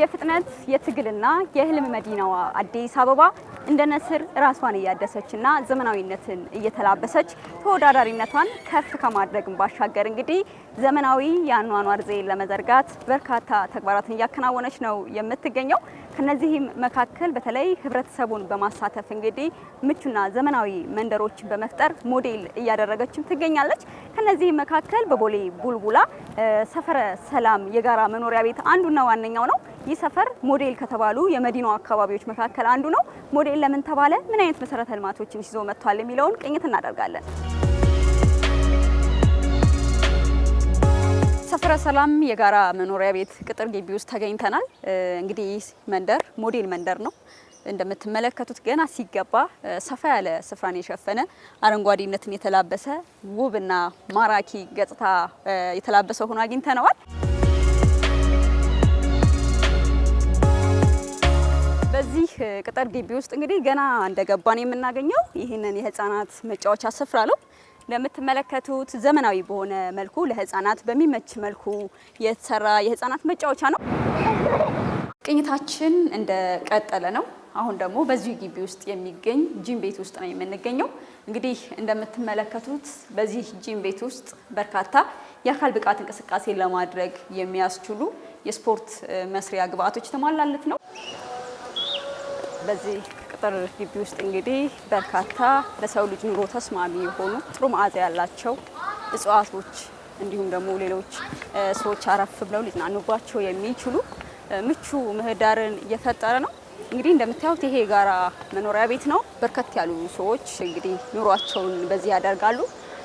የፍጥነት የትግልና የህልም መዲናዋ አዲስ አበባ እንደ ነስር ራሷን እያደሰችና ዘመናዊነትን እየተላበሰች ተወዳዳሪነቷን ከፍ ከማድረግም ባሻገር እንግዲህ ዘመናዊ የአኗኗር ዘይቤን ለመዘርጋት በርካታ ተግባራትን እያከናወነች ነው የምትገኘው። ከነዚህም መካከል በተለይ ህብረተሰቡን በማሳተፍ እንግዲህ ምቹና ዘመናዊ መንደሮችን በመፍጠር ሞዴል እያደረገችም ትገኛለች። ከነዚህም መካከል በቦሌ ቡልቡላ ሰፈረ ሰላም የጋራ መኖሪያ ቤት አንዱና ዋነኛው ነው። ይህ ሰፈር ሞዴል ከተባሉ የመዲናው አካባቢዎች መካከል አንዱ ነው። ሞዴል ለምን ተባለ? ምን አይነት መሰረተ ልማቶችን ይዞ መጥቷል? የሚለውን ቅኝት እናደርጋለን። ሰፈረ ሰላም የጋራ መኖሪያ ቤት ቅጥር ግቢ ውስጥ ተገኝተናል። እንግዲህ ይህ መንደር ሞዴል መንደር ነው። እንደምትመለከቱት ገና ሲገባ ሰፋ ያለ ስፍራን የሸፈነ አረንጓዴነትን የተላበሰ ውብና ማራኪ ገጽታ የተላበሰ ሆኖ አግኝተነዋል። በዚህ ቅጥር ግቢ ውስጥ እንግዲህ ገና እንደገባን የምናገኘው ይህንን የህፃናት መጫወቻ ስፍራ ነው። እንደምትመለከቱት ዘመናዊ በሆነ መልኩ ለህፃናት በሚመች መልኩ የተሰራ የህፃናት መጫወቻ ነው። ቅኝታችን እንደቀጠለ ነው። አሁን ደግሞ በዚሁ ግቢ ውስጥ የሚገኝ ጂም ቤት ውስጥ ነው የምንገኘው። እንግዲህ እንደምትመለከቱት በዚህ ጂም ቤት ውስጥ በርካታ የአካል ብቃት እንቅስቃሴ ለማድረግ የሚያስችሉ የስፖርት መስሪያ ግብአቶች የተሟላለት ነው። በዚህ ቅጥር ግቢ ውስጥ እንግዲህ በርካታ ለሰው ልጅ ኑሮ ተስማሚ የሆኑ ጥሩ መዓዛ ያላቸው እጽዋቶች እንዲሁም ደግሞ ሌሎች ሰዎች አረፍ ብለው ሊዝናኑባቸው የሚችሉ ምቹ ምህዳርን እየፈጠረ ነው። እንግዲህ እንደምታዩት ይሄ የጋራ መኖሪያ ቤት ነው። በርከት ያሉ ሰዎች እንግዲህ ኑሯቸውን በዚህ ያደርጋሉ።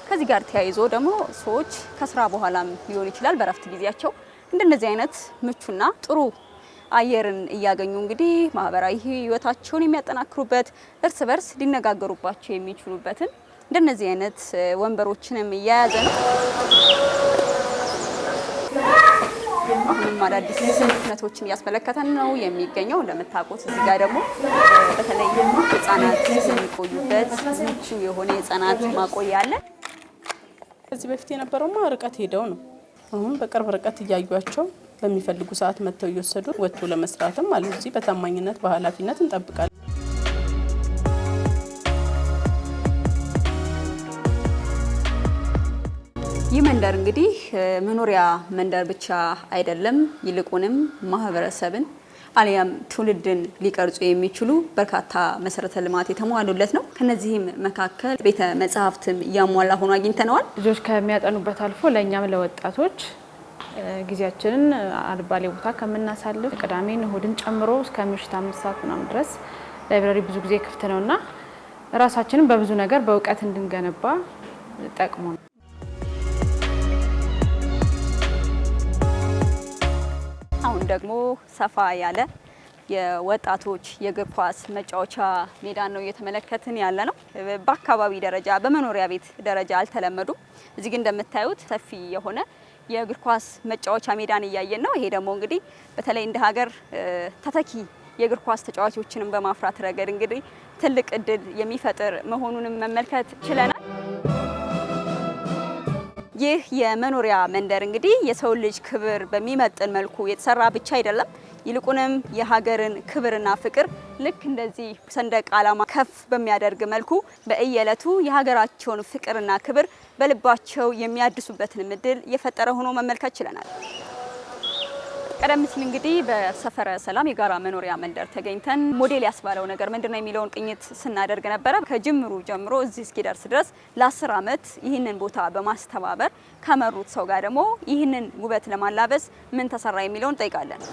ከዚህ ጋር ተያይዞ ደግሞ ሰዎች ከስራ በኋላም ሊሆን ይችላል በረፍት ጊዜያቸው እንደነዚህ አይነት ምቹና ጥሩ አየርን እያገኙ እንግዲህ ማህበራዊ ህይወታቸውን የሚያጠናክሩበት እርስ በርስ ሊነጋገሩባቸው የሚችሉበትን እንደነዚህ አይነት ወንበሮችንም እያያዘ ነው። አሁንም አዳዲስ ስነቶችን እያስመለከተን ነው የሚገኘው። እንደምታውቁት እዚህ ጋር ደግሞ በተለይ ህጻናት የሚቆዩበት ምቹ የሆነ የህጻናት ማቆያ አለ። ከዚህ በፊት የነበረውማ ርቀት ሄደው ነው። አሁን በቅርብ ርቀት እያዩቸው በሚፈልጉ ሰዓት መጥተው እየወሰዱ ወጥቶ ለመስራትም አሉ እዚህ በታማኝነት በኃላፊነት እንጠብቃለን። ይህ መንደር እንግዲህ መኖሪያ መንደር ብቻ አይደለም። ይልቁንም ማህበረሰብን አሊያም ትውልድን ሊቀርጹ የሚችሉ በርካታ መሰረተ ልማት የተሟሉለት ነው። ከነዚህም መካከል ቤተ መጽሐፍትም እያሟላ ሆኖ አግኝተነዋል። ልጆች ከሚያጠኑበት አልፎ ለእኛም ለወጣቶች ጊዜያችንን አልባሌ ቦታ ከምናሳልፍ ቅዳሜን እሁድን ጨምሮ እስከ ምሽት አምስት ሰዓት ምናምን ድረስ ላይብራሪ ብዙ ጊዜ ክፍት ነው እና ራሳችንን በብዙ ነገር በእውቀት እንድንገነባ ጠቅሞ ነው። አሁን ደግሞ ሰፋ ያለ የወጣቶች የእግር ኳስ መጫወቻ ሜዳ ነው እየተመለከትን ያለ ነው። በአካባቢ ደረጃ በመኖሪያ ቤት ደረጃ አልተለመዱም። እዚህ ግን እንደምታዩት ሰፊ የሆነ የእግር ኳስ መጫወቻ ሜዳን እያየን ነው። ይሄ ደግሞ እንግዲህ በተለይ እንደ ሀገር ተተኪ የእግር ኳስ ተጫዋቾችንም በማፍራት ረገድ እንግዲህ ትልቅ እድል የሚፈጥር መሆኑንም መመልከት ችለናል። ይህ የመኖሪያ መንደር እንግዲህ የሰው ልጅ ክብር በሚመጥን መልኩ የተሰራ ብቻ አይደለም ይልቁንም የሀገርን ክብርና ፍቅር ልክ እንደዚህ ሰንደቅ ዓላማ ከፍ በሚያደርግ መልኩ በእየዕለቱ የሀገራቸውን ፍቅርና ክብር በልባቸው የሚያድሱበትን እድል የፈጠረ ሆኖ መመልከት ችለናል። ቀደም ሲል እንግዲህ በሰፈረ ሰላም የጋራ መኖሪያ መንደር ተገኝተን ሞዴል ያስባለው ነገር ምንድነው የሚለውን ቅኝት ስናደርግ ነበረ። ከጅምሩ ጀምሮ እዚህ እስኪደርስ ድረስ ለአስር ዓመት ይህንን ቦታ በማስተባበር ከመሩት ሰው ጋር ደግሞ ይህንን ውበት ለማላበስ ምን ተሰራ የሚለውን ጠይቃለን።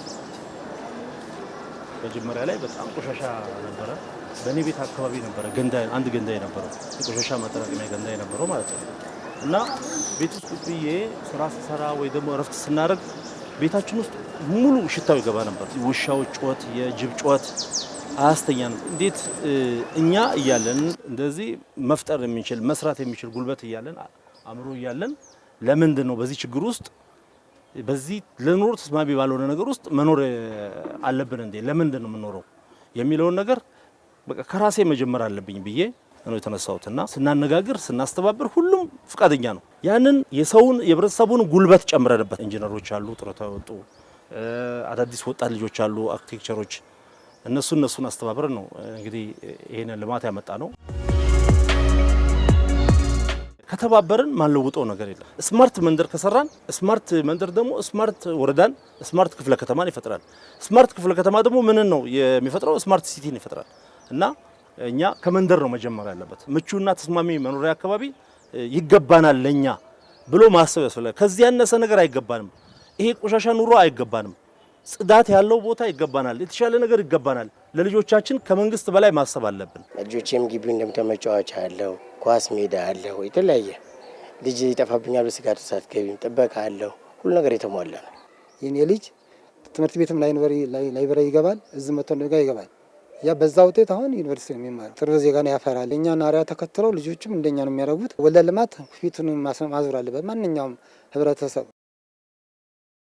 መጀመሪያ ላይ በጣም ቆሻሻ ነበረ። በእኔ ቤት አካባቢ ነበረ ገንዳ፣ አንድ ገንዳ የነበረው የቆሻሻ ማጠራቀሚያ ገንዳ የነበረው ማለት ነው። እና ቤት ውስጥ ብዬ ስራ ስሰራ ወይ ደግሞ እረፍት ስናደርግ ቤታችን ውስጥ ሙሉ ሽታው ይገባ ነበር። ውሻዎች ጩኸት፣ የጅብ ጩኸት አያስተኛን። እንዴት እኛ እያለን እንደዚህ መፍጠር የሚችል መስራት የሚችል ጉልበት እያለን አእምሮ እያለን ለምንድን ነው በዚህ ችግር ውስጥ በዚህ ለኑሮ ተስማሚ ባልሆነ ነገር ውስጥ መኖር አለብን እንዴ? ለምንድን ነው የምንኖረው የሚለውን ነገር በቃ ከራሴ መጀመር አለብኝ ብዬ ነው የተነሳሁትና ስናነጋግር ስናስተባብር ሁሉም ፍቃደኛ ነው። ያንን የሰውን የህብረተሰቡን ጉልበት ጨምረንበት ኢንጂነሮች አሉ፣ ጡረታ የወጡ አዳዲስ ወጣት ልጆች አሉ፣ አርኪቴክቸሮች እነሱ እነሱን አስተባብረን ነው እንግዲህ ይሄንን ልማት ያመጣ ነው። ከተባበርን ማንለውጠው ነገር የለም። ስማርት መንደር ከሰራን ስማርት መንደር ደግሞ ስማርት ወረዳን፣ ስማርት ክፍለ ከተማን ይፈጥራል። ስማርት ክፍለ ከተማ ደግሞ ምንን ነው የሚፈጥረው? ስማርት ሲቲን ይፈጥራል። እና እኛ ከመንደር ነው መጀመር ያለበት። ምቹና ተስማሚ መኖሪያ አካባቢ ይገባናል ለኛ ብሎ ማሰብ ያስፈልጋል። ከዚህ ያነሰ ነገር አይገባንም። ይሄ ቆሻሻ ኑሮ አይገባንም። ጽዳት ያለው ቦታ ይገባናል። የተሻለ ነገር ይገባናል። ለልጆቻችን ከመንግስት በላይ ማሰብ አለብን። ልጆቼም ግቢው እንደምተመጫዋች አለው ኳስ ሜዳ አለው፣ የተለያየ ልጅ ይጠፋብኛል በስጋት ሳትገቢም ጥበቃ አለው። ሁሉ ነገር የተሟላ ነው። የኔ ልጅ ትምህርት ቤትም ላይብረሪ ይገባል፣ እዚህ መቶ ጋ ይገባል። ያ በዛ ውጤት አሁን ዩኒቨርሲቲ ነው የሚማረው። ጥሩ ነው ያፈራል። እኛ ናሪያ ተከትለው ልጆችም እንደኛ ነው የሚያደርጉት። ወደ ልማት ፊቱን ማዞር አለበት ማንኛውም ህብረተሰብ